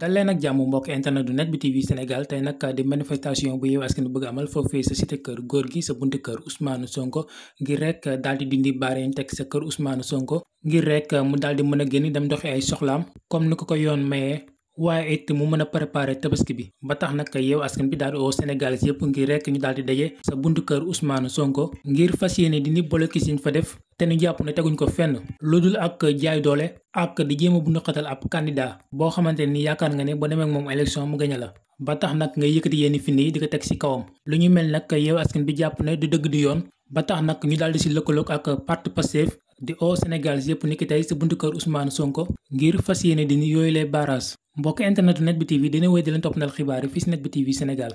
dalleen ak jàmm mbokk internet du net bi TV Sénégal tey nag di manifestation bu Yewwi Askan Wi bëgg amal foofee sa cité kër góor gi sa buntu kër usmaanu Sonko ngir rek daal di dindi baare teg sa kër Ousmane Sonko ngir rek mu daal di mën a génn dem doxi ay soxlaam comme ni ko ko yoon mayee waaye it mu mën a préparer tabaski bi ba tax nag Yewwi Askan bi daal di oo Sénégalais yëpp ngir rek ñu daal di daje sa buntu kër usmaanu Sonko ngir fas yéene dindi bloqué yi ñu fa def te ñu jàpp ne teguñ ko fenn lu dul ak jaay doole ak di jéem a bu xatal ab candidat boo xamante ni yaakaar nga ne ba demee ak moom élection mu gañe la ba tax nag nga yëkkati yenn fin yi di ko teg ci kawam lu ñu mel nag yow askan bi jàpp ne du dëgg di yoon ba tax nag ñu daal di si lëkkaloog ak parti Pastef di o Sénégal yëpp ni ki tey sa buntu kër Ousmane Sonko ngir fas yéene ni yooyu lay barrage mbokk internetu Net Bi dina wéy di leen toppandal xibaar yi fii si Net Bi TV Sénégal